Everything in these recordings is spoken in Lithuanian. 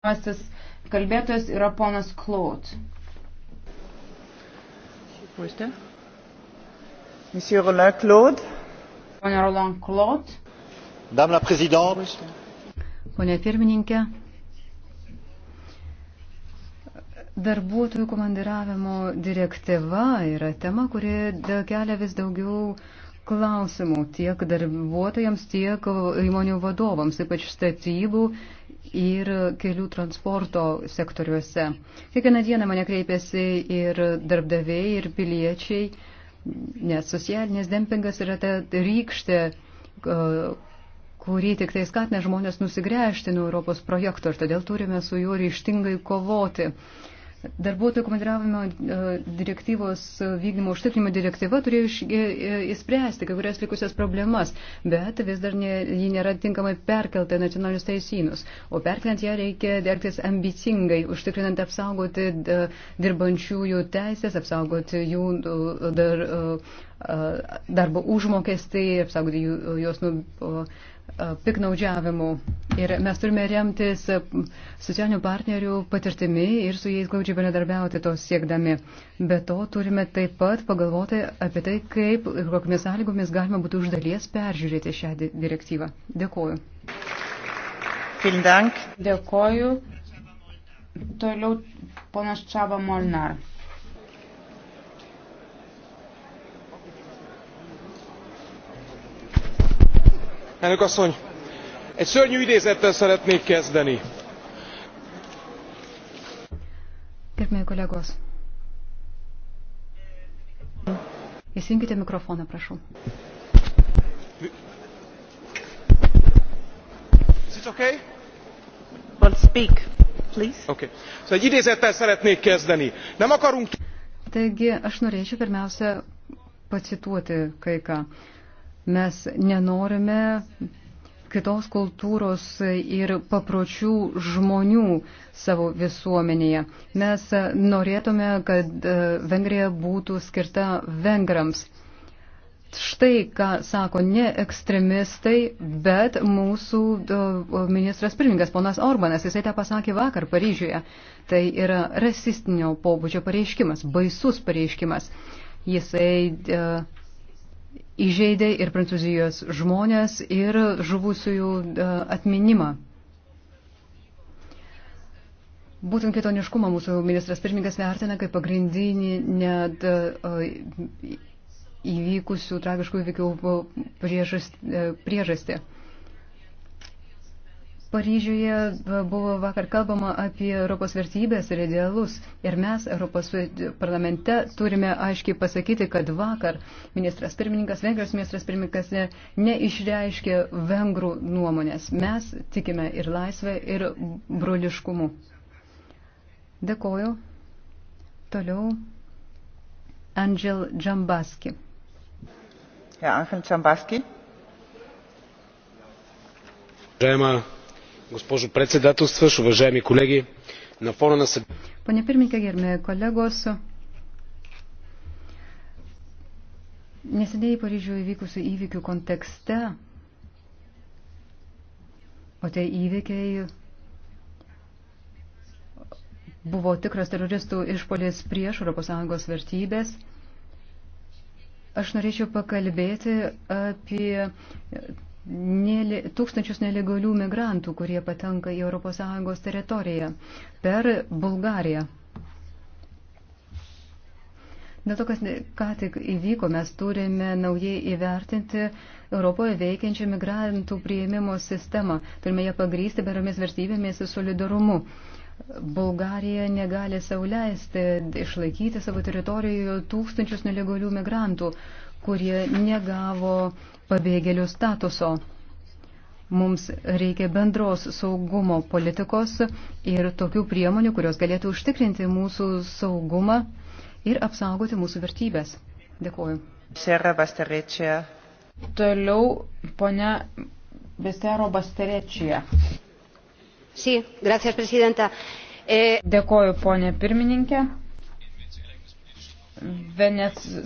Pirmasis kalbėtojas yra ponas Klaut. Monsieur Roland Claude. Pone Roland Claude. Dame la présidente. Pone pirmininkė. Darbuotojų komandiravimo direktyva yra tema, kuri kelia vis daugiau klausimų tiek darbuotojams, tiek įmonių vadovams, ypač statybų ir kelių transporto sektoriuose. Kiekvieną dieną mane kreipiasi ir darbdaviai, ir piliečiai, nes socialinis dempingas yra ta rykštė, kurį tik tai skatina žmonės nusigręžti nuo Europos projekto ir todėl turime su juo ryštingai kovoti. Uh, Darbuotojų komandiravimo e, direktyvos vykdymo užtikrinimo direktyva turėjo įspręsti e, e, kai kurias likusias problemas, bet vis dar ne, ji nėra tinkamai perkelta į nacionalinius teisynus. O perkeliant ją reikia dergtis ambicingai, užtikrinant apsaugoti dirbančiųjų teisės, apsaugoti jų dar, darbo užmokestį, apsaugoti jų, juos nuo E, piknaudžiavimu. Ir mes turime remtis socialinių partnerių patirtimi ir su jais glaudžiai bendradarbiauti to siekdami. Be to turime taip pat pagalvoti apie tai, kaip ir kokiamis sąlygomis galima būtų už dalies peržiūrėti šią direktyvą. Dėkuoju. Dėkuoju. Toliau ponas Čaba Molnar. elnök asszony egy szörnyű idézettel szeretnék kezdeni Gerbėjai kolegos. Įsijunkite mikrofoną, prašau. Is it okay? Well, speak, please. Okay. So, egy idézettel szeretnék kezdeni. Nem akarunk... Taigi, aš norėčiau pirmiausia pacituoti kai ką. Mes nenorime kitos kultūros ir papročių žmonių savo visuomenėje. Mes norėtume, kad e, Vengrija būtų skirta vengrams. Štai ką sako ne ekstremistai, bet mūsų e, ministras pirmininkas ponas Orbanas, jisai tą pasakė vakar Paryžiuje. Tai yra rasistinio pobūdžio pareiškimas, baisus pareiškimas. Jisai uh, įžeidė ir prancūzijos žmonės, ir žuvusiųjų e, atminimą. Būtent kitoniškumą mūsų ministras pirmininkas vertina kaip pagrindinį net e, e, įvykusių tragiškų įvykių priežastį. Paryžiuje e, buvo vakar kalbama apie Europos vertybės ir idealus. Ir mes Europos parlamente turime aiškiai pasakyti, kad vakar ministras pirmininkas, vengrijos ministras pirmininkas ne, neišreiškė vengrų nuomonės. Mes tikime ir laisvę, ir broliškumu. Dėkoju. Toliau Angel Džambaski. Ja, Angel Džambaski. Žema госпожо председателстващ уважаеми колеги на фона на Pone pirmininkė, gerbėjai kolegos, neseniai Paryžiuje įvykusių įvykių kontekste, o tie įvykiai buvo tikras teroristų išpolės prieš ES vertybės, aš norėčiau pakalbėti apie nėlė, tūkstančius nelegalių migrantų, kurie patenka į ES teritoriją per Bulgariją. Dėl to, kas ką tik įvyko, mes turime naujai įvertinti Europoje veikiančią migrantų prieimimo sistemą. Turime ją pagrysti beromis vertybėmis ir solidarumu. Bulgarija negali sauliaisti išlaikyti savo teritorijoje tūkstančius nelegalių migrantų, kurie negavo pabėgėlių statuso. Mums reikia bendros saugumo politikos ir tokių priemonių, kurios galėtų užtikrinti mūsų saugumą ir apsaugoti mūsų vertybės. Dėkuoju. Toliau ponia Besero Basterečija. Sí, gracias, presidenta. E... Dėkuoju, ponė pirmininkė.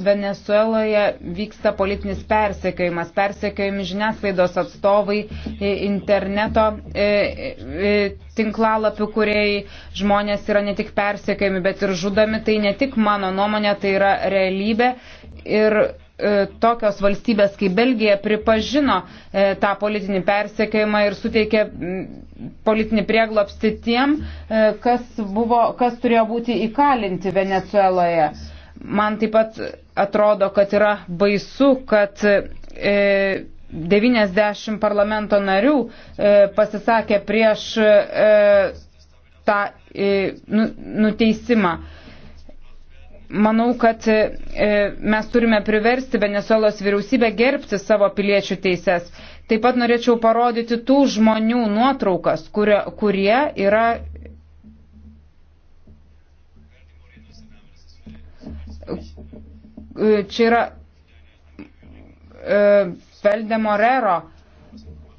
Venezueloje vyksta politinis persekiojimas, persekiojami žiniasklaidos atstovai, interneto tinklalapių kuriejai, žmonės yra ne tik persekiojami, bet ir žudami, tai ne tik mano nuomonė, tai yra realybė. Ir e, tokios valstybės kaip Belgija pripažino e, tą politinį persekiojimą ir suteikė politinį prieglopstį tiem, e, kas, buvo, kas turėjo būti įkalinti Venezueloje man taip pat atrodo, kad yra baisu, kad 90 e, parlamento narių e, pasisakė prieš e, tą nu, nuteisimą. Manau, kad mes turime priversti Venezuelos vyriausybę gerbti savo piliečių teises. Taip pat norėčiau parodyti tų žmonių nuotraukas, kurie, kurie yra E, čia yra Feldemorero.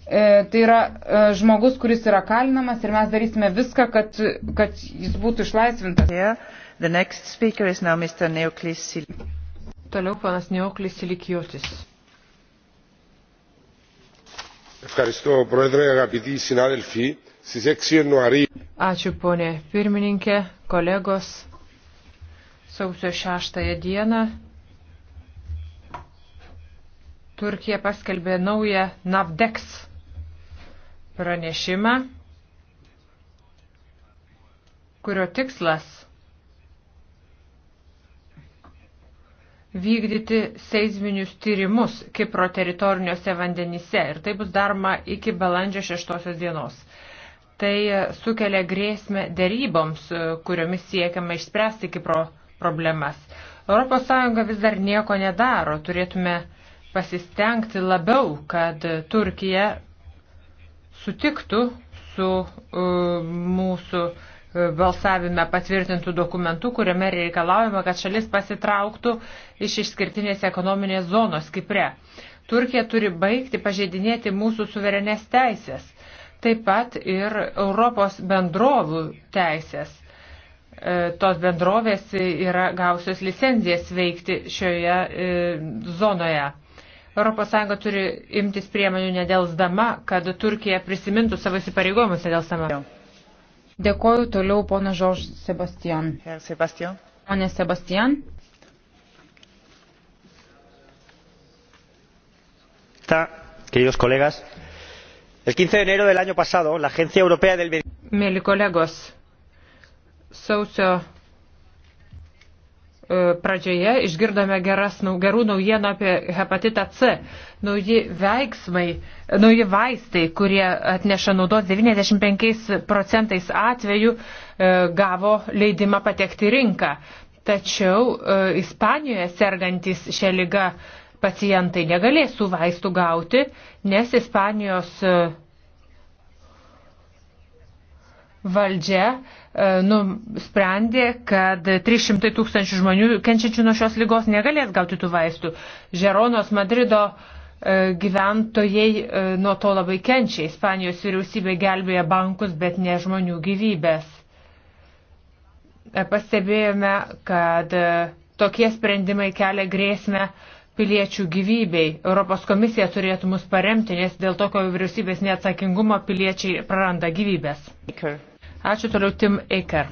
E, tai yra e, žmogus, kuris yra kalinamas ir mes darysime viską, kad, kad jis būtų išlaisvintas. Yeah. Toliau panas Neoklis Silikiotis. Ευχαριστώ, Πρόεδρε, αγαπητοί συνάδελφοι. Στις 6 Ιανουαρίου. Ačiū, ponė pirmininkė, kolegos. Sausio 6 dieną Turkija paskelbė naują NAVDEX pranešimą, kurio tikslas vykdyti seisminius tyrimus Kipro teritoriniuose vandenyse ir tai bus daroma iki balandžio 6 dienos. Tai sukelia grėsmę deryboms, kuriomis siekiama išspręsti Kipro problemas. ES vis dar nieko nedaro, turėtume pasistengti labiau, kad Turkija sutiktų su uh, mūsų e, balsavime patvirtintų dokumentų, kuriame reikalaujama, kad šalis pasitrauktų iš išskirtinės ekonominės zonos Kipre. Turkija turi baigti pažeidinėti mūsų suverenės teisės, taip pat ir Europos bendrovų teisės. E, tos bendrovės yra gausios licenzijas veikti šioje e, zonoje. ES turi imtis priemonių nedelsdama, kad Turkija prisimintų savo įsipareigojimus nedelsdama. Dėkoju toliau pona Žorž Sebastian. Sebastian. Pone Sebastian. Queridos colegas, el 15 de enero del año pasado la Agencia Europea del Medicamento sausio e, pradžioje išgirdome geras, gerų naujienų apie hepatitą C. Nauji veiksmai, nauji vaistai, kurie atneša naudos 95 procentais atveju, e, gavo leidimą patekti rinką. Tačiau e, Ispanijoje sergantis šią lygą pacientai negalės tų vaistų gauti, nes Ispanijos valdžia e, nusprendė, kad 300 tūkstančių žmonių kenčiančių nuo šios lygos negalės gauti tų vaistų. Žeronos Madrido e, gyventojai e, nuo to labai kenčia. Ispanijos vyriausybė gelbėja bankus, bet ne žmonių gyvybės. Pastebėjome, kad tokie sprendimai kelia grėsmę piliečių gyvybei. Europos komisija turėtų mus paremti, nes dėl tokio vyriausybės neatsakingumo piliečiai praranda gyvybės. Iker. Ačiū toliau Tim Eiker.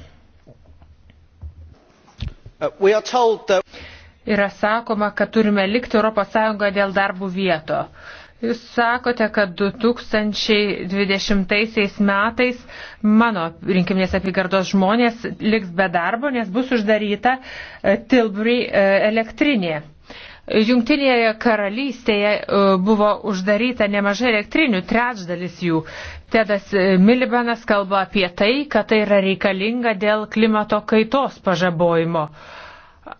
Uh, Yra sakoma, kad turime likti ES dėl darbų vieto. Jūs sakote, kad 2020 metais mano rinkiminės apygardos žmonės liks be darbo, nes bus uždaryta uh, Tilbury uh, elektrinė. Jungtinėje karalystėje e, buvo uždaryta nemažai elektrinių, trečdalis jų. Tedas e, Milibanas kalba apie tai, kad tai yra reikalinga dėl klimato kaitos pažabojimo.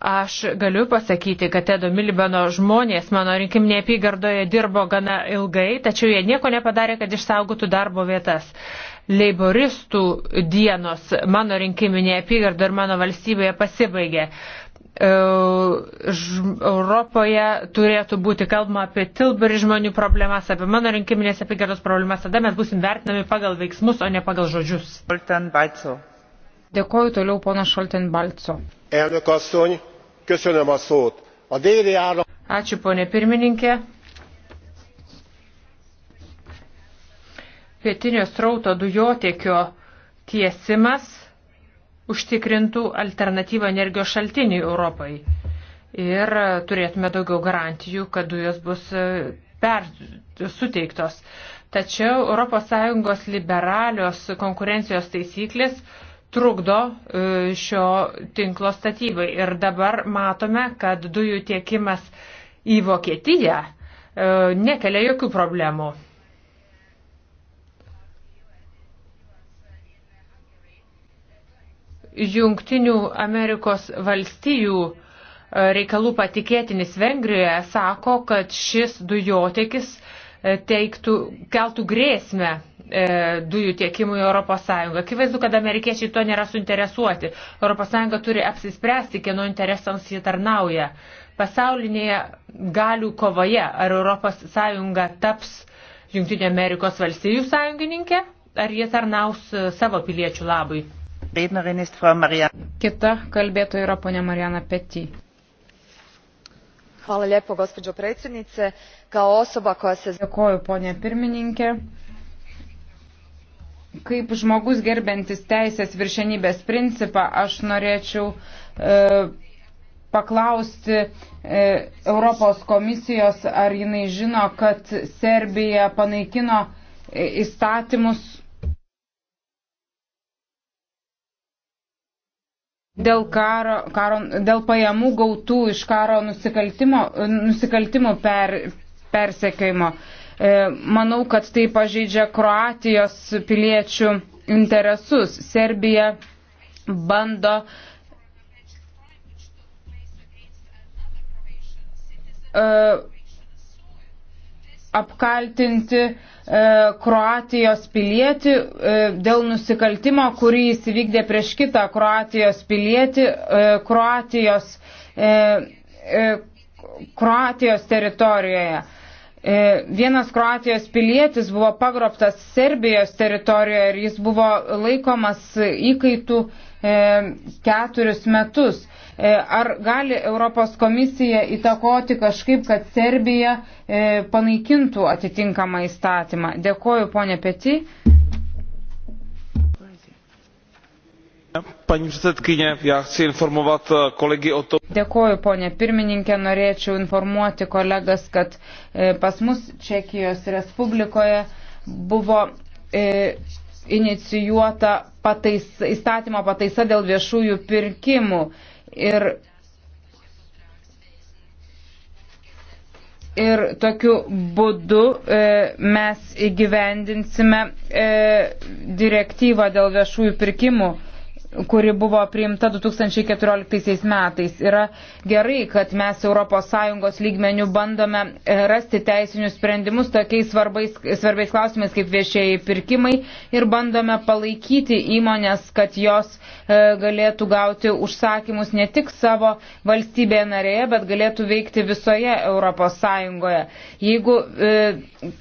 Aš galiu pasakyti, kad Tedo Milibano žmonės mano rinkimnėje apygardoje dirbo gana ilgai, tačiau jie nieko nepadarė, kad išsaugotų darbo vietas. Leiboristų dienos mano rinkiminėje apygardoje ir mano valstybėje pasibaigė. Europoje turėtų būti kalbama apie Tilburį žmonių problemas, apie mano rinkiminės apygardos problemas, tada mes busim vertinami pagal veiksmus, o ne pagal žodžius. Dėkoju toliau pono Šolten Balco. Ačiū ponė pirmininkė. Pietinio strauto dujotiekio tiesimas užtikrintų alternatyvą energijos šaltiniui Europai. Ir turėtume daugiau garantijų, kad dujos bus e, per, suteiktos. Tačiau ES liberalios konkurencijos taisyklės trukdo e, šio tinklo statybai. Ir dabar matome, kad dujų tiekimas į Vokietiją e, nekelia jokių problemų. Jungtinių Amerikos valstijų e, reikalų patikėtinis Vengrijoje sako, kad šis dujotekis e, teiktų, keltų grėsmę e, dujų tiekimui ES. Akivaizdu, kad amerikiečiai to nėra suinteresuoti. ES turi apsispręsti, kieno interesams jie tarnauja. Pasaulinėje galių kovoje ar ES taps Junktinė Amerikos valstybių sąjungininkė, ar jie tarnaus savo piliečių labui. Kita kalbėtoja yra ponia Marijana Peti. Hvala lijepo, gospođo predsjednice. Kao osoba koja se... Dėkoju, ponia pirmininkė. Kaip žmogus gerbiantis teisės viršenybės principą, aš norėčiau e, paklausti e, Europos komisijos, ar jinai žino, kad Serbija panaikino e, įstatymus dėl, karo, karo, dėl pajamų gautų iš karo nusikaltimo, nusikaltimų per, persekėjimo. E, manau, kad tai pažeidžia Kroatijos piliečių interesus. Serbija bando uh, apkaltinti e, Kroatijos pilietį e, dėl nusikaltimo, kurį jis įvykdė prieš kitą Kroatijos pilietį, e, Kroatijos, e, e, Kroatijos teritorijoje. E, E, vienas Kroatijos pilietis buvo pagrobtas Serbijos teritorijoje ir jis buvo laikomas įkaitų e, keturis metus. E, ar gali Europos komisija įtakoti kažkaip, kad Serbija panaikintų atitinkamą įstatymą? Dėkoju, ponė Peti. Pani předsedkyně, já chci informovat eh, kolegy o tom. Dėkoju, ponė pirmininkė, norėčiau informuoti kolegas, kad e, pas mus Čekijos Respublikoje buvo e, inicijuota patais, įstatymo pataisa dėl viešųjų pirkimų. Ir ir tokiu būdu e, mes įgyvendinsime e, direktyvą dėl viešųjų pirkimų kuri buvo priimta 2014 metais. Yra gerai, kad mes ES lygmenių bandome e, rasti teisinius sprendimus tokiais svarbais, svarbiais klausimais kaip viešieji pirkimai ir bandome palaikyti įmonės, kad jos e, galėtų gauti užsakymus ne tik savo valstybėje narėje, bet galėtų veikti visoje ES. Jeigu e,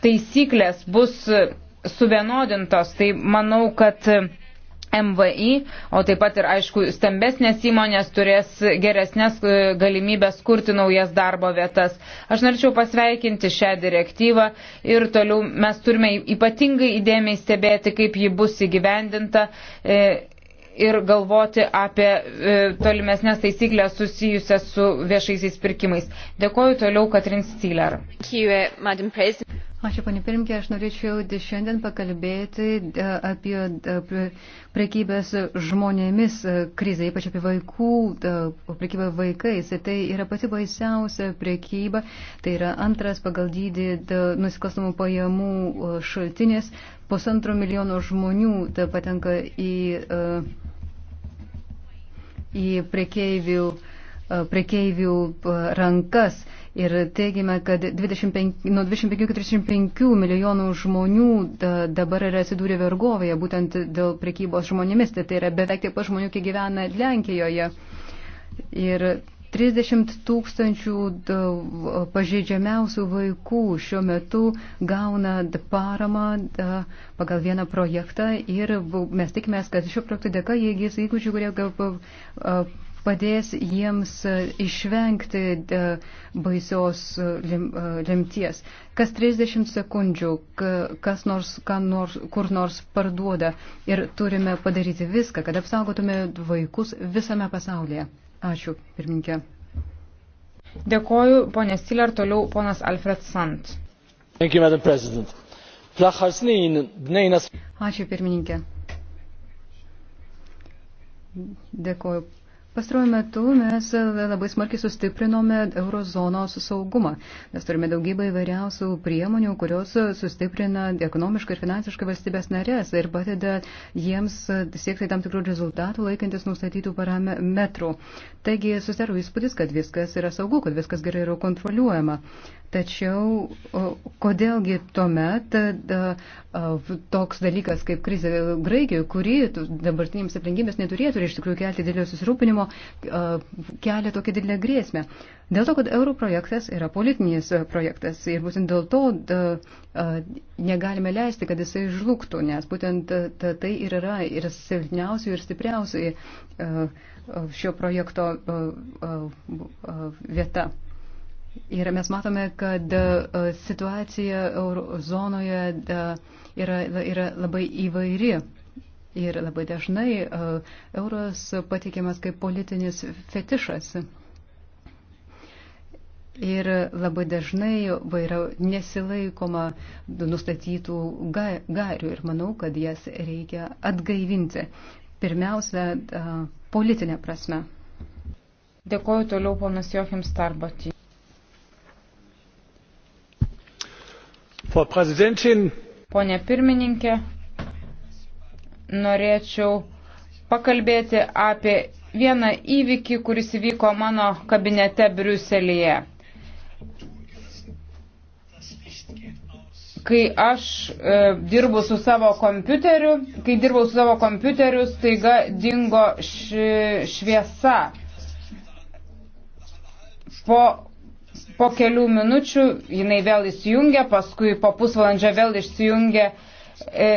taisyklės bus suvienodintos, tai manau, kad MVI, o taip pat ir, aišku, stambesnės įmonės turės geresnės e, galimybės kurti naujas darbo vietas. Aš norėčiau pasveikinti šią direktyvą ir toliau mes turime ypatingai įdėmiai stebėti, kaip ji bus įgyvendinta. E, ir galvoti apie e, tolimesnės taisyklės susijusias su viešaisiais pirkimais. Dėkoju toliau Katrin Stiller. Ačiū, panė pirmkė, aš norėčiau šiandien pakalbėti e, apie e, prekybės žmonėmis e, krizę, ypač apie vaikų, prekybą vaikais. Ir tai yra pati baisiausia prekyba, tai yra antras pagal dydį nusikalstamų pajamų šaltinės. Pusantro milijono žmonių patenka į, į prekeivių, prekeivių rankas ir teigime, kad 25, nuo 25 iki 35 milijonų žmonių da, dabar yra atsidūrę vergovėje būtent dėl prekybos žmonėmis, tai, tai yra beveik tiek pat žmonių, kiek gyvena Lenkijoje. Ir 30 tūkstančių pažeidžiamiausių vaikų šiuo metu gauna paramą pagal vieną projektą ir mes tikimės, kad šio projekto dėka jie įgys įgūdžių, kurie padės jiems e, išvengti e, baisios e, lemties. Kas 30 sekundžių kas nors, nors, kur nors parduoda ir turime padaryti viską, kad apsaugotume vaikus visame pasaulyje. Ačiū, pirminkė. Dėkoju, ponė Stiller, toliau ponas Alfred Sant. Thank you, Madam President. Ačiū, pirmininkė. Dėkoju, Pastaruoju metu mes labai smarkiai sustiprinome eurozonos saugumą. Mes turime daugybą įvairiausių priemonių, kurios sustiprina ekonomiškai ir finansiškai valstybės narės ir padeda jiems siekti tam tikrų rezultatų laikantis nustatytų parametrų. Taigi susidaro įspūdis, kad viskas yra saugu, kad viskas gerai yra kontroliuojama. Tačiau kodėlgi tuomet e, toks dalykas kaip krizė Graikijoje, kuri dabartinėms aplinkybės neturėtų ir iš tikrųjų kelti didelio susirūpinimo, kelia tokią didelę grėsmę. Dėl to, kad euro projektas yra politinis e, projektas ir būtent dėl to da, negalime leisti, kad jisai žlugtų, nes būtent e, ta, tai ir yra ir silpniausių ir stipriausiai šio projekto vieta. Ir mes matome, kad e, situacija eurozonoje e, yra, yra labai įvairi. Ir labai dažnai e, euras patikimas kaip politinis fetišas. Ir labai dažnai vaira nesilaikoma nustatytų garių ir manau, kad jas reikia atgaivinti. Pirmiausia, politinė prasme. Dėkoju toliau ponas Jochim Starbatį. Pone pirmininkė, norėčiau pakalbėti apie vieną įvykį, kuris įvyko mano kabinete Briuselėje. Kai aš e, dirbu su savo kompiuteriu, kai dirbau su savo kompiuteriu, staiga dingo ši, šviesa. Po po kelių minučių jinai vėl įsijungia, paskui po pusvalandžio vėl išsijungia. E,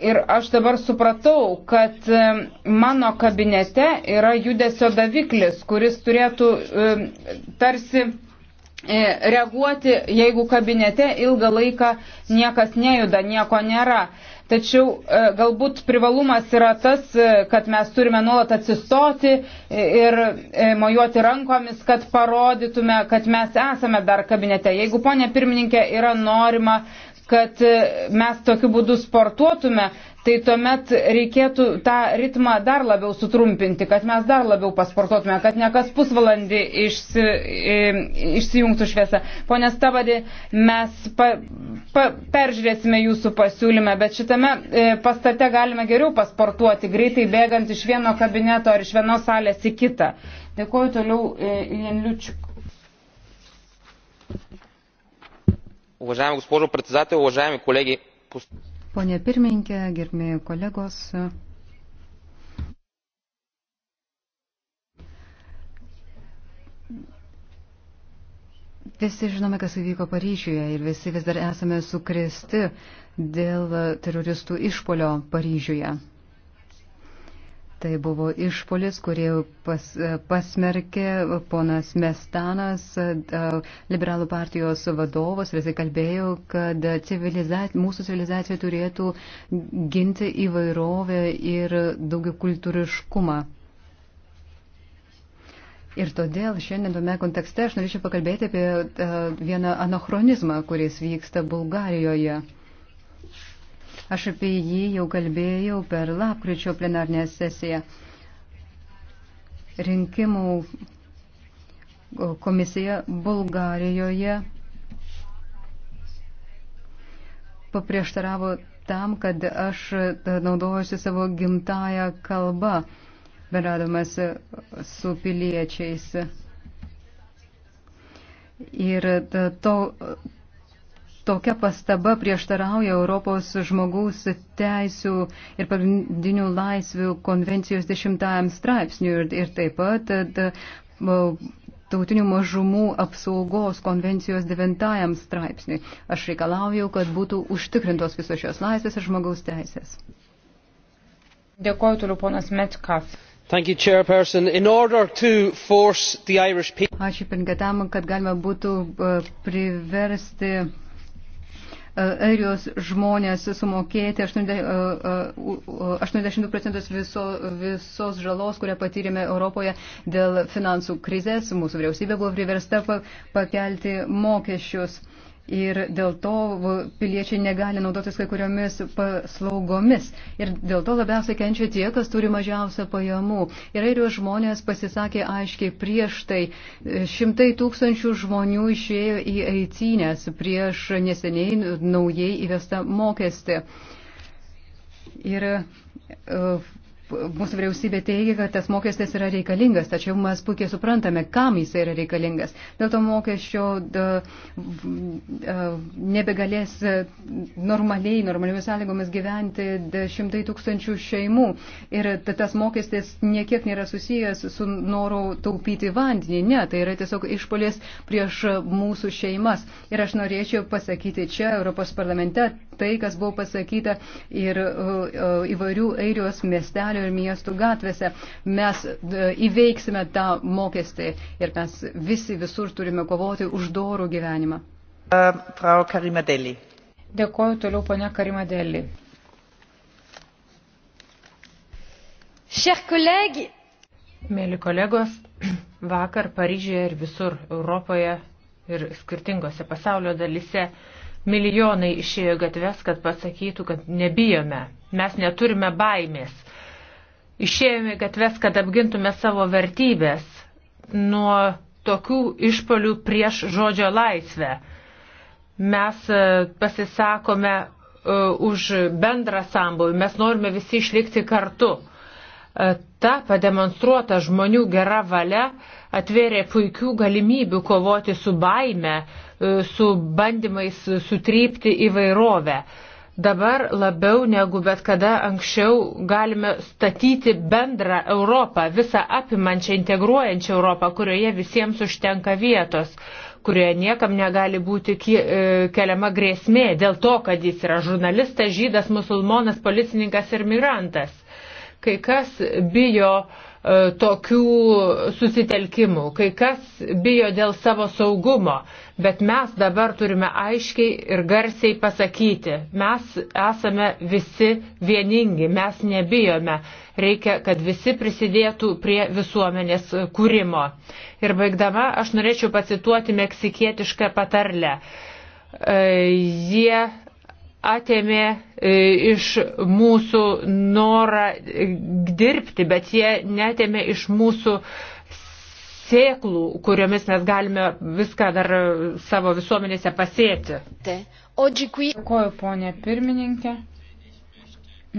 ir aš dabar supratau, kad e, mano kabinete yra judesio daviklis, kuris turėtų e, tarsi reaguoti, jeigu kabinete ilgą laiką niekas nejuda, nieko nėra. Tačiau e, galbūt privalumas yra tas, e, kad mes turime nuolat atsistoti ir e, mojuoti rankomis, kad parodytume, kad mes esame dar kabinete. Jeigu, ponė pirmininkė, yra norima kad e, mes tokiu būdu sportuotume, tai tuomet reikėtų tą ritmą dar labiau sutrumpinti, kad mes dar labiau pasportuotume, kad ne kas pusvalandį išsi, e, išsijungtų šviesa. Pone Stabadė, mes pa, pa, peržiūrėsime jūsų pasiūlymę, bet šitame e, pastate galime geriau pasportuoti, greitai bėgant iš vieno kabineto ar iš vienos salės į kitą. Dėkuoju toliau Jenliučiuk. Уважаема госпожо председател, уважаеми колеги. Pone pirmininkė, gerbėjai kolegos. Visi žinome, kas įvyko Paryžiuje ir visi vis dar esame sukresti dėl teroristų išpolio Paryžiuje. Tai buvo išpolis, kurį pas, pasmerkė ponas Mestanas, liberalų partijos vadovas, ir jisai kalbėjo, kad civilizac, mūsų civilizacija turėtų ginti įvairovę ir daugiau kultūriškumą. Ir todėl šiandien tome kontekste aš norėčiau pakalbėti apie vieną anachronizmą, kuris vyksta Bulgarijoje. Aš apie jį jau kalbėjau per lapkričio plenarnę sesiją. Rinkimų komisija Bulgarijoje paprieštaravo tam, kad aš naudojuosi savo gimtają kalbą, bendradamas su piliečiais. Ir to, tokia pastaba prieštarauja Europos žmogaus teisų ir pagrindinių laisvių konvencijos dešimtajam straipsniui ir, ir taip pat tautinių mažumų apsaugos konvencijos devintajam straipsniui. Aš reikalauju, kad būtų užtikrintos visos šios laisvės ir žmogaus teisės. Dėkuoju toliau ponas Metkaf. You, the... Ačiū, pingatam, kad galima būtų e, priversti airijos žmonės sumokėti 82 e, e, procentus viso, visos žalos, kurią patyrėme Europoje dėl finansų krizės. Mūsų vyriausybė buvo priversta pakelti mokesčius ir dėl to piliečiai negali naudotis kai kuriomis paslaugomis. Ir dėl to labiausiai kenčia tie, kas turi mažiausią pajamų. Ir airio žmonės pasisakė aiškiai prieš tai. Šimtai tūkstančių žmonių išėjo į eicinės prieš neseniai naujai įvestą mokestį. Ir uh, mūsų vyriausybė teigia, kad tas mokestis yra reikalingas, tačiau mes puikiai suprantame, kam jis yra reikalingas. Dėl to mokesčio da, nebegalės normaliai, normaliomis sąlygomis gyventi da, šimtai tūkstančių šeimų. Ir da, tas mokestis niekiek nėra susijęs su noru taupyti vandenį. Ne, tai yra tiesiog išpolės prieš mūsų šeimas. Ir aš norėčiau pasakyti čia, Europos parlamente, tai, kas buvo pasakyta ir įvairių airijos miestelių kaimelių ir miestų gatvėse. Mes e, įveiksime tą mokestį ir mes visi visur turime kovoti už dorų gyvenimą. Frau Karimadeli. Dėkoju toliau, ponia Karimadeli. Mėly kolegos, vakar Paryžiuje ir visur Europoje ir skirtingose pasaulio dalise milijonai išėjo gatves, kad pasakytų, kad nebijome, mes neturime baimės. Išėjome gatves, kad apgintume savo vertybės nuo tokių išpolių prieš žodžio laisvę. Mes e, pasisakome e, už bendrą sambuvį, mes norime visi išlikti kartu. E, ta pademonstruota žmonių gera valia atvėrė puikių galimybių kovoti su baime, su bandymais sutrypti įvairovę. Dabar labiau negu bet kada anksčiau galime statyti bendrą Europą, visą apimančią, integruojančią Europą, kurioje visiems užtenka vietos, kurioje niekam negali būti e, keliama grėsmė dėl to, kad jis yra žurnalistas, žydas, musulmonas, policininkas ir migrantas. Kai kas bijo uh, E, tokių susitelkimų, kai kas bijo dėl savo saugumo, bet mes dabar turime aiškiai ir garsiai pasakyti, mes esame visi vieningi, mes nebijome, reikia, kad visi prisidėtų prie visuomenės kūrimo. Ir baigdama, aš norėčiau pacituoti meksikietišką patarlę. E, jie atėmė e, iš mūsų norą e, dirbti, bet jie netėmė iš mūsų sėklų, kuriomis mes galime viską dar e, savo visuomenėse pasėti. Dėkuoju, ponė pirmininkė.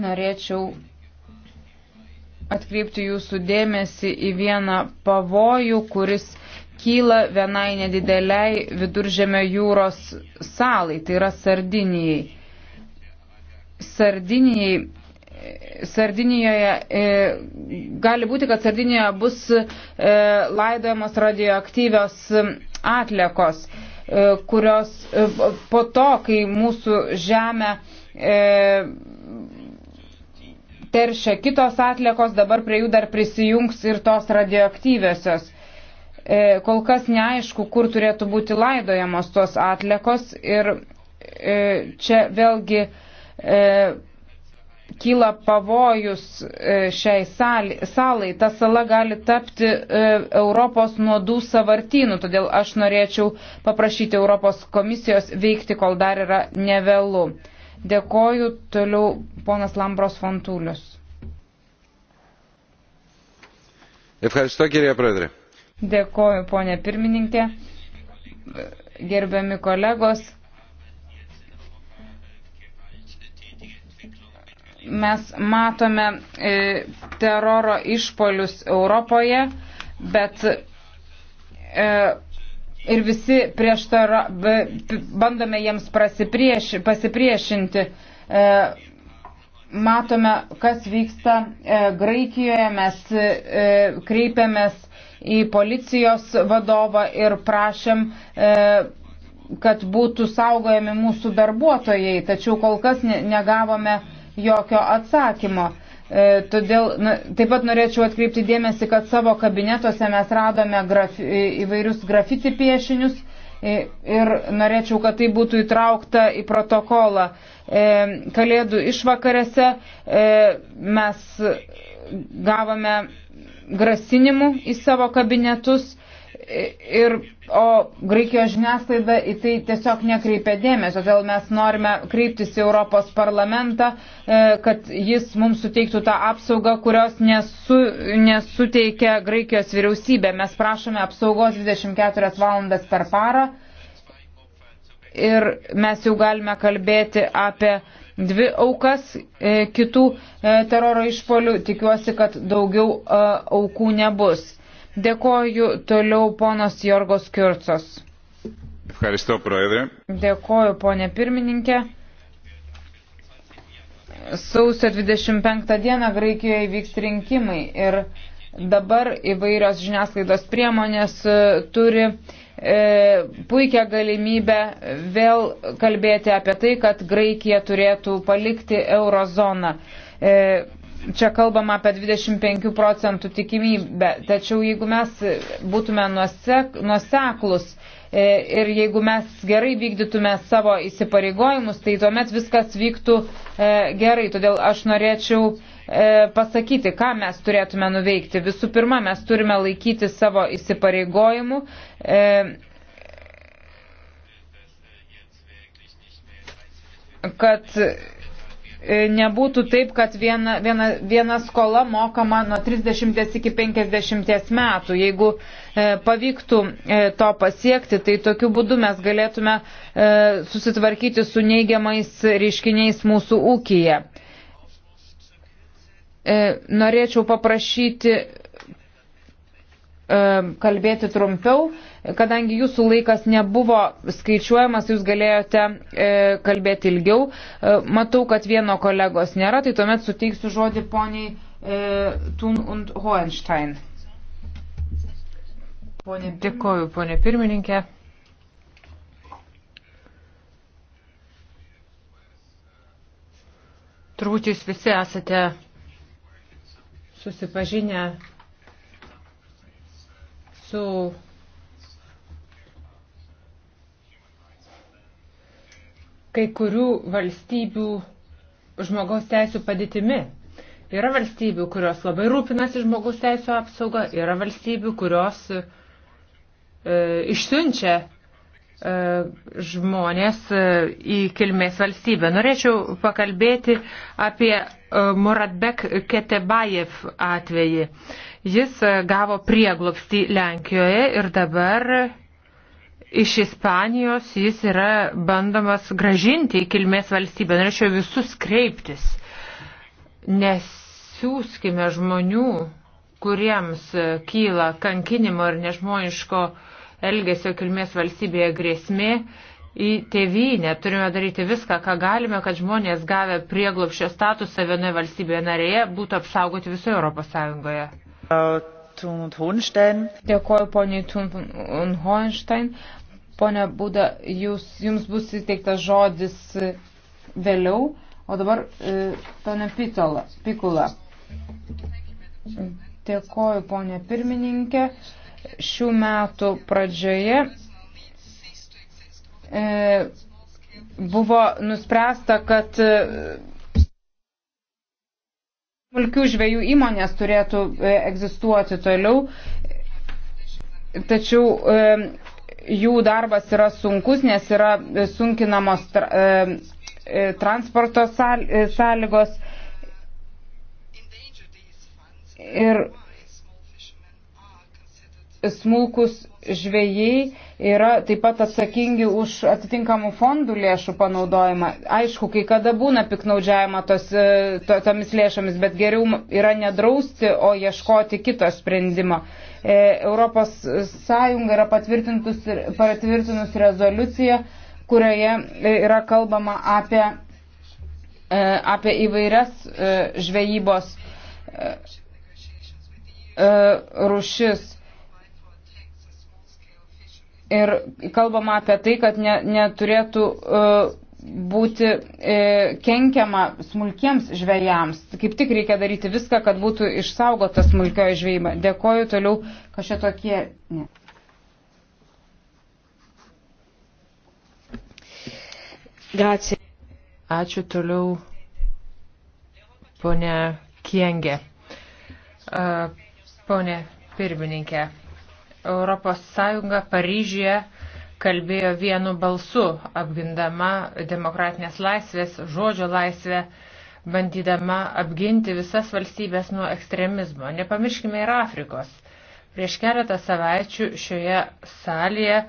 Norėčiau atkreipti jūsų dėmesį į vieną pavojų, kuris kyla vienai nedideliai viduržėmio jūros salai, tai yra Sardinijai. Sardinijai Sardinijoje e, gali būti, kad Sardinijoje bus e, laidojamos radioaktyvios atliekos, e, kurios e, po to, kai mūsų žemė e, teršia kitos atliekos, dabar prie jų dar prisijungs ir tos radioaktyviosios. E, kol kas neaišku, kur turėtų būti laidojamos tos atliekos ir e, čia vėlgi e, e, kyla pavojus e, šiai salai, salai, ta sala gali tapti e, Europos nuodų savartynų, todėl aš norėčiau paprašyti Europos komisijos veikti, kol dar yra nevėlu. Dėkoju toliau ponas Lambros Fontulius. Dėkoju, ponė pirmininkė, gerbiami kolegos. mes matome e, teroro išpolius Europoje, bet e, ir visi prieštara, bandome jiems pasipriešinti. E, matome, kas vyksta Graikijoje, mes kreipiamės į policijos vadovą ir prašėm, kad būtų saugojami mūsų darbuotojai, tačiau kol kas negavome jokio atsakymo. E, todėl na, taip pat norėčiau atkreipti dėmesį, kad savo kabinetuose mes radome grafi, e, įvairius grafiti piešinius e, ir norėčiau, kad tai būtų įtraukta į protokolą. E, kalėdų išvakarėse e, mes gavome grasinimų į savo kabinetus Ir, o Graikijos žiniasklaida į tai tiesiog nekreipia dėmesio, todėl mes norime kreiptis į Europos parlamentą, e, kad jis mums suteiktų tą apsaugą, kurios nesu, nesuteikia Graikijos vyriausybė. Mes prašome apsaugos 24 valandas per parą ir mes jau galime kalbėti apie dvi aukas e, kitų e, teroro išpolių. Tikiuosi, kad daugiau aukų nebus. Dėkoju toliau ponos Jorgos Kircos. Dėkoju, ponė pirmininkė. Sausio 25 dieną Graikijoje vyks rinkimai ir dabar įvairios žiniasklaidos priemonės e, turi e, puikia galimybę vėl kalbėti apie tai, kad Graikija turėtų palikti eurozoną. E, čia kalbama apie 25 procentų tikimybę, tačiau jeigu mes būtume nuosek, nuoseklus e, ir jeigu mes gerai vykdytume savo įsipareigojimus, tai tuomet viskas vyktų e, gerai. Todėl aš norėčiau e, pasakyti, ką mes turėtume nuveikti. Visų pirma, mes turime laikyti savo įsipareigojimų. kad E, nebūtų taip, kad viena, viena, viena skola mokama nuo 30 iki 50 metų. Jeigu e, pavyktų e, to pasiekti, tai tokiu būdu mes galėtume e, susitvarkyti su neigiamais reiškiniais mūsų ūkyje. E, norėčiau paprašyti E, kalbėti trumpiau, kadangi jūsų laikas nebuvo skaičiuojamas, jūs galėjote e, kalbėti ilgiau. E, matau, kad vieno kolegos nėra, tai tuomet suteiksiu žodį poniai Thun und Hohenstein. Ponė, dėkoju, ponė pirmininkė. Turbūt jūs visi esate susipažinę su kai kurių valstybių žmogaus teisų padėtimi. Yra valstybių, kurios labai rūpinasi žmogaus teisų apsauga, yra valstybių, kurios e, išsiunčia E, žmonės e, į kilmės valstybę. Norėčiau pakalbėti apie e, Muratbek Ketebajev atvejį. Jis gavo prieglobstį Lenkijoje ir dabar iš Ispanijos jis yra bandomas gražinti į kilmės valstybę. Norėčiau visus kreiptis. Nesiūskime žmonių, kuriems kyla kankinimo ir nežmoniško uh, elgesio kilmės valstybėje grėsmė į tėvynę. Turime daryti viską, ką galime, kad žmonės gavę prieglopščio statusą vienoje valstybėje narėje būtų apsaugoti visoje Europos Sąjungoje. Dėkoju poniai Thun-Hohenstein. Pone Būda, jūs, jums bus įteiktas žodis e, vėliau, o dabar e, pone Pikula. Dėkoju, ponė pirmininkė šių metų pradžioje e, buvo nuspręsta, kad e, smulkių žvėjų įmonės turėtų e, egzistuoti toliau, tačiau e, jų darbas yra sunkus, nes yra sunkinamos tra, e, e transporto sąlygos. Ir smulkus žvėjai yra taip pat atsakingi už atitinkamų fondų lėšų panaudojimą. Aišku, kai kada būna piknaudžiavama tos, e, to, tomis lėšomis, bet geriau yra nedrausti, o ieškoti kito sprendimo. E, Europos Sąjunga yra patvirtinus rezoliuciją, kurioje e, yra kalbama apie, e, apie įvairias e, žvejybos e, e rušis ir kalbama apie tai, kad ne, neturėtų uh, būti e, kenkiama smulkiems žvėjams. Kaip tik reikia daryti viską, kad būtų išsaugota smulkioji žvejyba. Dėkoju toliau, kažkai tokie. Ne. Grazie. Ačiū toliau, ponė Kiengė. Uh, ponė pirmininkė. ES Paryžyje kalbėjo vienu balsu, apgindama demokratinės laisvės, žodžio laisvę, bandydama apginti visas valstybės nuo ekstremizmo. Nepamirškime ir Afrikos. Prieš keletą savaičių šioje salėje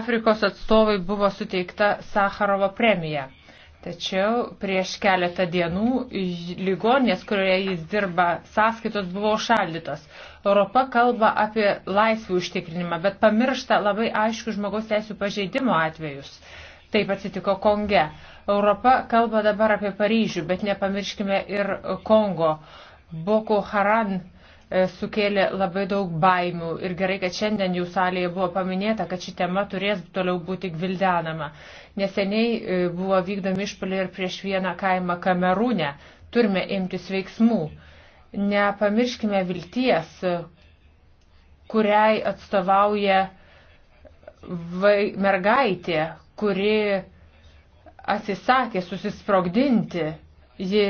Afrikos atstovai buvo suteikta Sakarovo premija. Tačiau prieš keletą dienų ligonės, kurioje jis dirba, sąskaitos buvo užšaldytos. Europa kalba apie laisvių užtikrinimą, bet pamiršta labai aiškių žmogaus teisų pažeidimo atvejus. Taip atsitiko Konge. Europa kalba dabar apie Paryžių, bet nepamirškime ir Kongo. Boko Haran E, sukėlė labai daug baimių ir gerai, kad šiandien jų salėje buvo paminėta, kad ši tema turės toliau būti gvildenama. Neseniai e, buvo vykdomi išpaliai ir prieš vieną kaimą Kamerūne. Turime imtis veiksmų. Nepamirškime vilties, kuriai atstovauja vai, mergaitė, kuri atsisakė susisprogdinti ji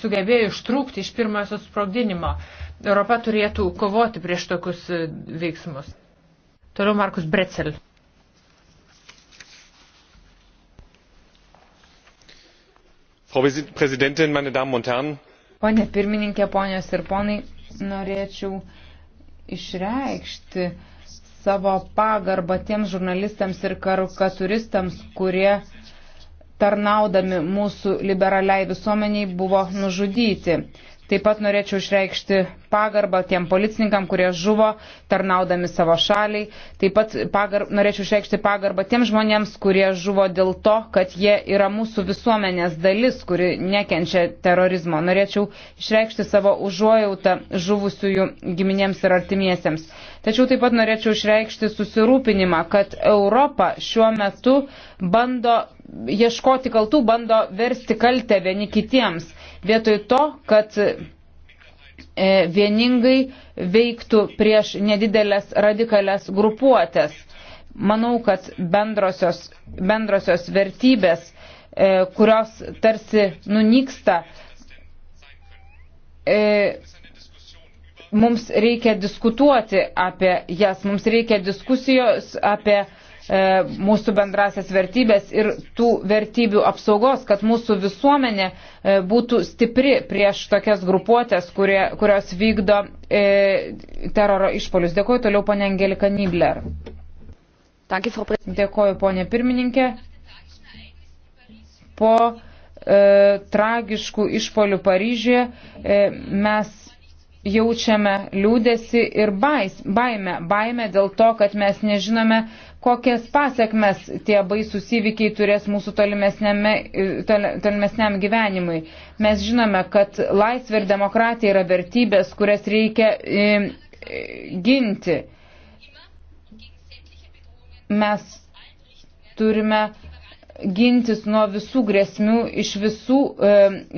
sugebėjo ištrūkti iš pirmojo susprogdinimo. Europa turėtų kovoti prieš tokius e, veiksmus. Toliau Markus Brecel. Frau Präsidentin, meine Damen und Herren. Pone pirmininkė, ponios ir ponai, norėčiau išreikšti savo pagarbą tiems žurnalistams ir karikaturistams, kurie uh, tarnaudami mūsų liberaliai visuomeniai buvo nužudyti. Taip pat norėčiau išreikšti pagarbą tiem policininkam, kurie žuvo tarnaudami savo šaliai. Taip pat pagar, norėčiau išreikšti pagarbą tiem žmonėms, kurie žuvo dėl to, kad jie yra mūsų visuomenės dalis, kuri nekenčia terorizmo. Norėčiau išreikšti savo užuojautą žuvusiųjų giminėms ir artimiesiems. Tačiau taip pat norėčiau išreikšti susirūpinimą, kad Europa šiuo metu bando ieškoti kaltų, bando versti kaltę vieni kitiems vietoj to, kad e, vieningai veiktų prieš nedidelės radikales grupuotės. Manau, kad bendrosios, bendrosios vertybės, e, kurios tarsi nunyksta, e, mums reikia diskutuoti apie jas, mums reikia diskusijos apie E, mūsų bendrasias vertybės ir tų vertybių apsaugos, kad mūsų visuomenė e, būtų stipri prieš tokias grupuotės, kurie, kurios vykdo e, teroro išpolius. Dėkuoju toliau ponė Angelika Nibler. Dėkuoju ponė pirmininkė. Po e, tragiškų išpolių Paryžiuje e, mes jaučiame liūdėsi ir baimę. Baimę dėl to, kad mes nežinome, kokias pasiekmes tie baisus įvykiai turės mūsų tolimesniam gyvenimui. Mes žinome, kad laisvė ir demokratija yra vertybės, kurias reikia e, e, ginti. Mes turime gintis nuo visų grėsmių iš visų e,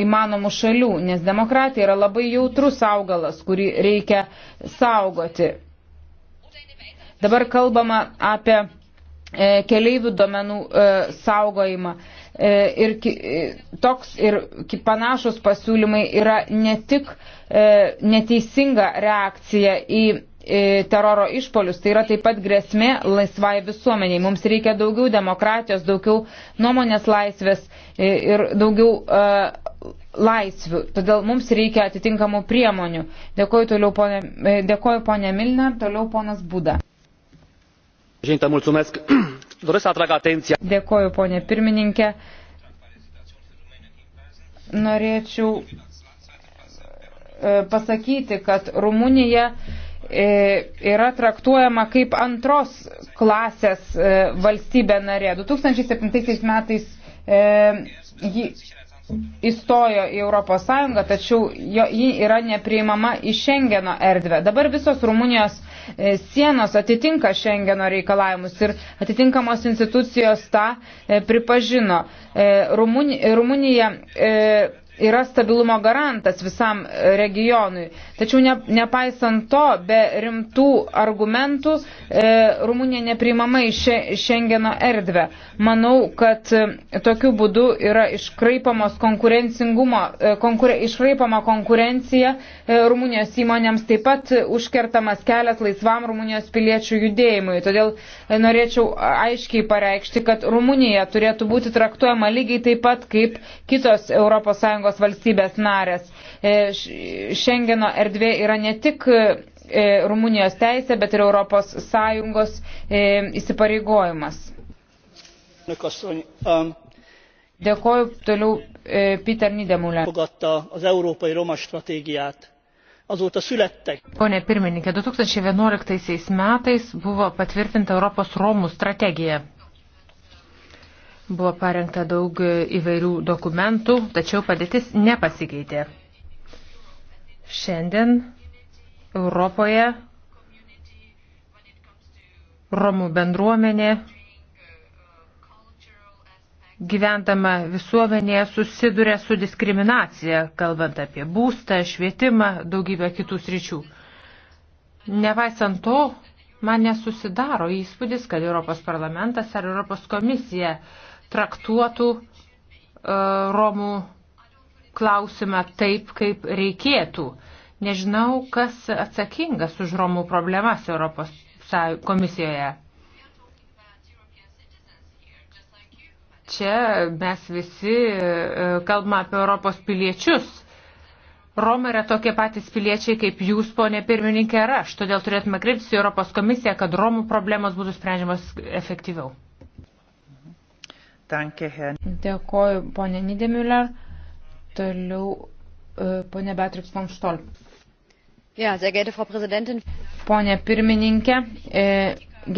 įmanomų šalių, nes demokratija yra labai jautrus augalas, kurį reikia saugoti. Dabar kalbama apie e, keleivių domenų e, saugojimą. E, ir ki, e, toks ir ki, panašus pasiūlymai yra ne tik e, neteisinga reakcija į E, teroro išpolius. Tai yra taip pat grėsmė laisvai visuomeniai. Mums reikia daugiau demokratijos, daugiau nuomonės laisvės e, ir daugiau uh, laisvių. Todėl mums reikia atitinkamų priemonių. Dėkoju, toliau, ponė, dėkoju ponė Milner, toliau ponas Būda. Dėkoju, ponė pirmininkė. Norėčiau pasakyti, kad Rumunija uh, E, yra traktuojama kaip antros klasės e, valstybė narė. 2007 metais e, ji įstojo į Europos Sąjungą, tačiau jo, ji yra nepriimama į Šengeno erdvę. Dabar visos Rumunijos e, sienos atitinka Šengeno reikalavimus ir atitinkamos institucijos tą e, pripažino. E, Rumuni, Rumunija e, yra stabilumo garantas visam regionui. Tačiau ne, nepaisant to, be rimtų argumentų e, Rumunija nepriimama į še, Šengeno erdvę. Manau, kad e, tokiu būdu yra iškraipamos konkurencingumo, e, konkure, iškraipama konkurencija e, Rumunijos įmonėms, taip pat užkertamas kelias laisvam Rumunijos piliečių judėjimui. Todėl e, norėčiau aiškiai pareikšti, kad Rumunija turėtų būti traktuojama lygiai taip pat kaip kitos ES valstybės narės. E, Šengeno erdvė yra ne tik e, Rumunijos teisė, bet ir Europos Sąjungos e, įsipareigojimas. Dėkoju toliau Peter Nidemulė. Azóta születtek. Pone pirmininkė, 2011 metais buvo patvirtinta Europos Romų strategija. Buvo parengta daug įvairių dokumentų, tačiau padėtis nepasikeitė. Šiandien Europoje Romų bendruomenė gyventama visuomenėje susiduria su diskriminacija, kalbant apie būstą, švietimą, daugybę kitų sričių. Nevaisant to, man nesusidaro įspūdis, kad Europos parlamentas ar Europos komisija uh, traktuotų e, Romų klausimą taip, kaip reikėtų. Nežinau, kas atsakingas už Romų problemas Europos komisijoje. Čia mes visi e, kalbame apie Europos piliečius. Roma yra tokie patys piliečiai kaip jūs, ponė pirmininkė, ir aš. Todėl turėtume kreiptis į Europos komisiją, kad Romų problemos būtų sprendžiamas efektyviau. Dėkoju, ponė Nidemüller. Toliau e, ponė Beatriks von Stolp. Ja, ponė pirmininkė, e,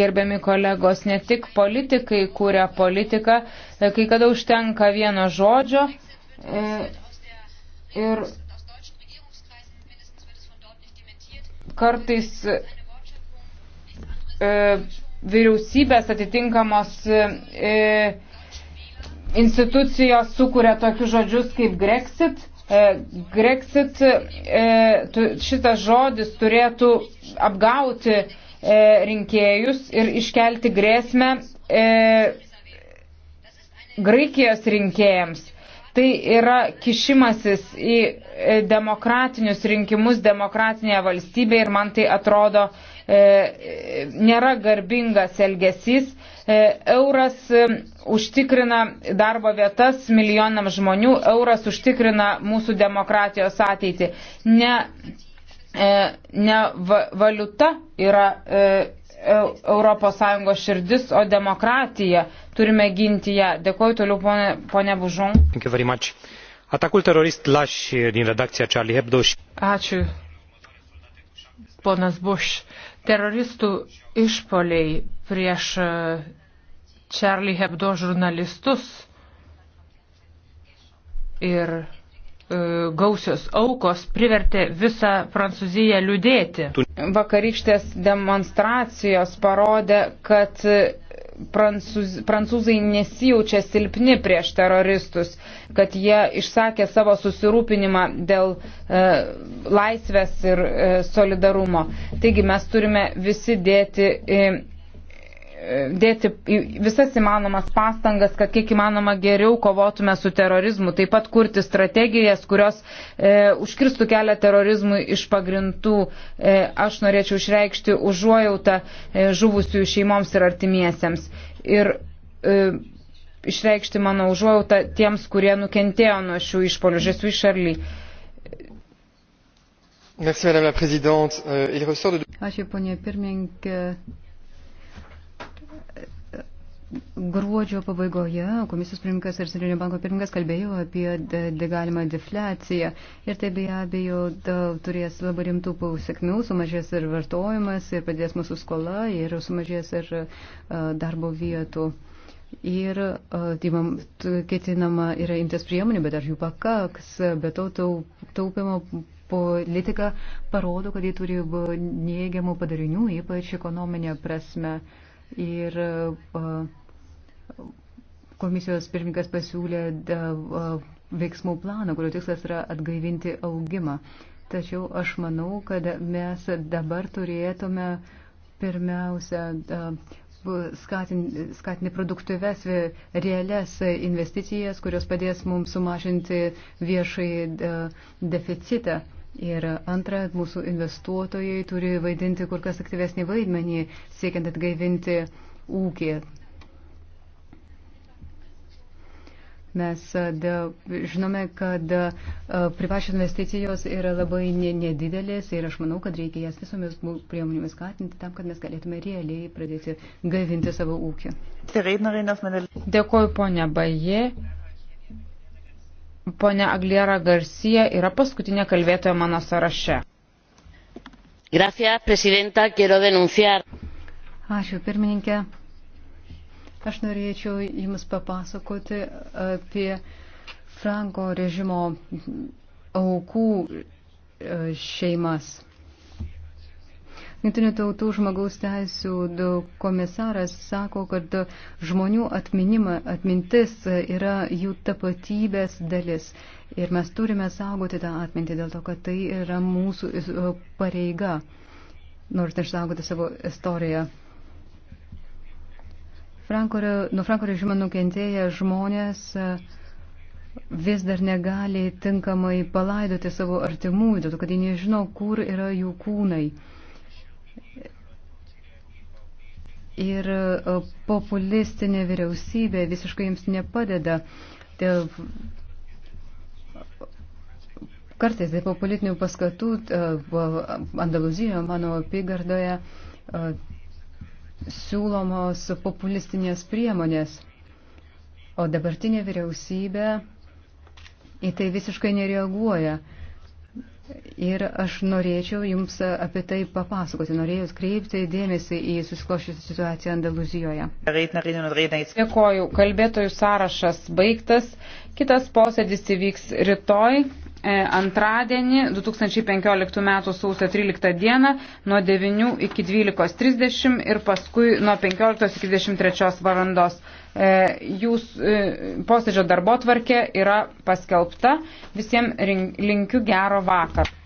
gerbiami kolegos, ne tik politikai kūrė politiką, e, kai kada užtenka vieno žodžio. Ir kartais vyriausybės atitinkamos institucijos sukuria tokius žodžius kaip Grexit. E, Grexit, e, šitas žodis turėtų apgauti e, rinkėjus ir iškelti grėsmę Graikijos rinkėjams. Tai yra kišimasis į demokratinius rinkimus demokratinėje valstybėje ir man tai atrodo uh, E, nėra garbingas elgesys. E, euras e, užtikrina darbo vietas milijonam žmonių, euras užtikrina mūsų demokratijos ateitį. Ne, ne valiuta yra ES širdis, o demokratija. Turime ginti ją. Dėkuoju toliau, ponė, ponė Bužon. Atacul terorist lași din redacția Charlie Hebdo și... Ačiū, ponas Bush Teroristų išpoliai prieš e, Charlie Hebdo žurnalistus ir e, gausios aukos privertė visą Prancūziją liūdėti. Vakarykštės demonstracijos parodė, kad prancūz, prancūzai nesijaučia silpni prieš teroristus, kad jie išsakė savo susirūpinimą dėl e, laisvės ir e, solidarumo. Taigi mes turime visi dėti e, dėti visas įmanomas pastangas, kad kiek įmanoma geriau kovotume su terorizmu, taip pat kurti strategijas, kurios e, užkirstų kelią terorizmui iš pagrindų. E, aš norėčiau išreikšti užuojautą e, žuvusių šeimoms ir artimiesiems. Ir, e, išreikšti mano užuojautą tiems, kurie nukentėjo nuo šių išpolių. Žesu iš Šarly. Ačiū, ponė pirmininkė. Gruodžio pabaigoje komisijos pirmininkas ir Centrinio banko pirmininkas kalbėjo apie de, de galimą defliaciją ir tai be abejo da, turės labai rimtų pasiekmių, sumažės ir vartojimas, ir padės mūsų skola, ir sumažės ir uh, darbo vietų. Ir uh, ketinama yra imtis priemonių, bet ar jų pakaks, bet to taupimo politika parodo, kad jie turi neigiamų padarinių, ypač ekonominė prasme. Ir uh, komisijos pirmininkas pasiūlė veiksmų planą, kurio tikslas yra atgaivinti augimą. Tačiau aš manau, kad mes dabar turėtume pirmiausia skatinti produktyves realias investicijas, kurios padės mums sumažinti viešai deficitą. Ir antra, mūsų investuotojai turi vaidinti kur kas aktyvesnį vaidmenį, siekiant atgaivinti ūkį. Mes e, žinome, kad e, privačios investicijos yra labai nedidelės ir aš manau, kad reikia jas visomis priemonėmis skatinti tam, kad mes galėtume realiai pradėti gaivinti savo ūkį. Dėkuoju, ponia Baje. Pone Agliera Garcia yra paskutinė kalbėtoja mano sąraše. Gracias, presidenta. Quiero denunciar. Ačiū, pirmininkė. Aš norėčiau Jums papasakoti apie Franko režimo aukų e, šeimas. Jungtinių tautų žmogaus teisų komisaras sako, kad žmonių atminima, atmintis yra jų tapatybės dalis. Ir mes turime saugoti tą atmintį dėl to, kad tai yra mūsų e, pareiga, norint išsaugoti savo istoriją. Franko, nuo Franko režimo nukentėję žmonės e, vis dar negali tinkamai palaidoti savo artimųjų, dėl to, kad jie nežino, kur yra jų kūnai. Ir e, populistinė vyriausybė visiškai jums nepadeda. Dėl kartais dėl politinių paskatų e, Andaluzijoje, mano apygardoje, siūlomos populistinės priemonės, o dabartinė vyriausybė į tai visiškai nereaguoja. Ir aš norėčiau Jums apie tai papasakoti, norėjau kreipti dėmesį į susikloščiusią situaciją Andaluzijoje. Dėkoju, kalbėtojų sąrašas baigtas, kitas posėdis įvyks rytoj. E, antradienį 2015 m. sausio 13 d. nuo 9 iki 12.30 ir paskui nuo 15 iki 23 valandos. E, jūs e, posėdžio darbo tvarkė yra paskelbta. Visiems linkiu gero vakaro.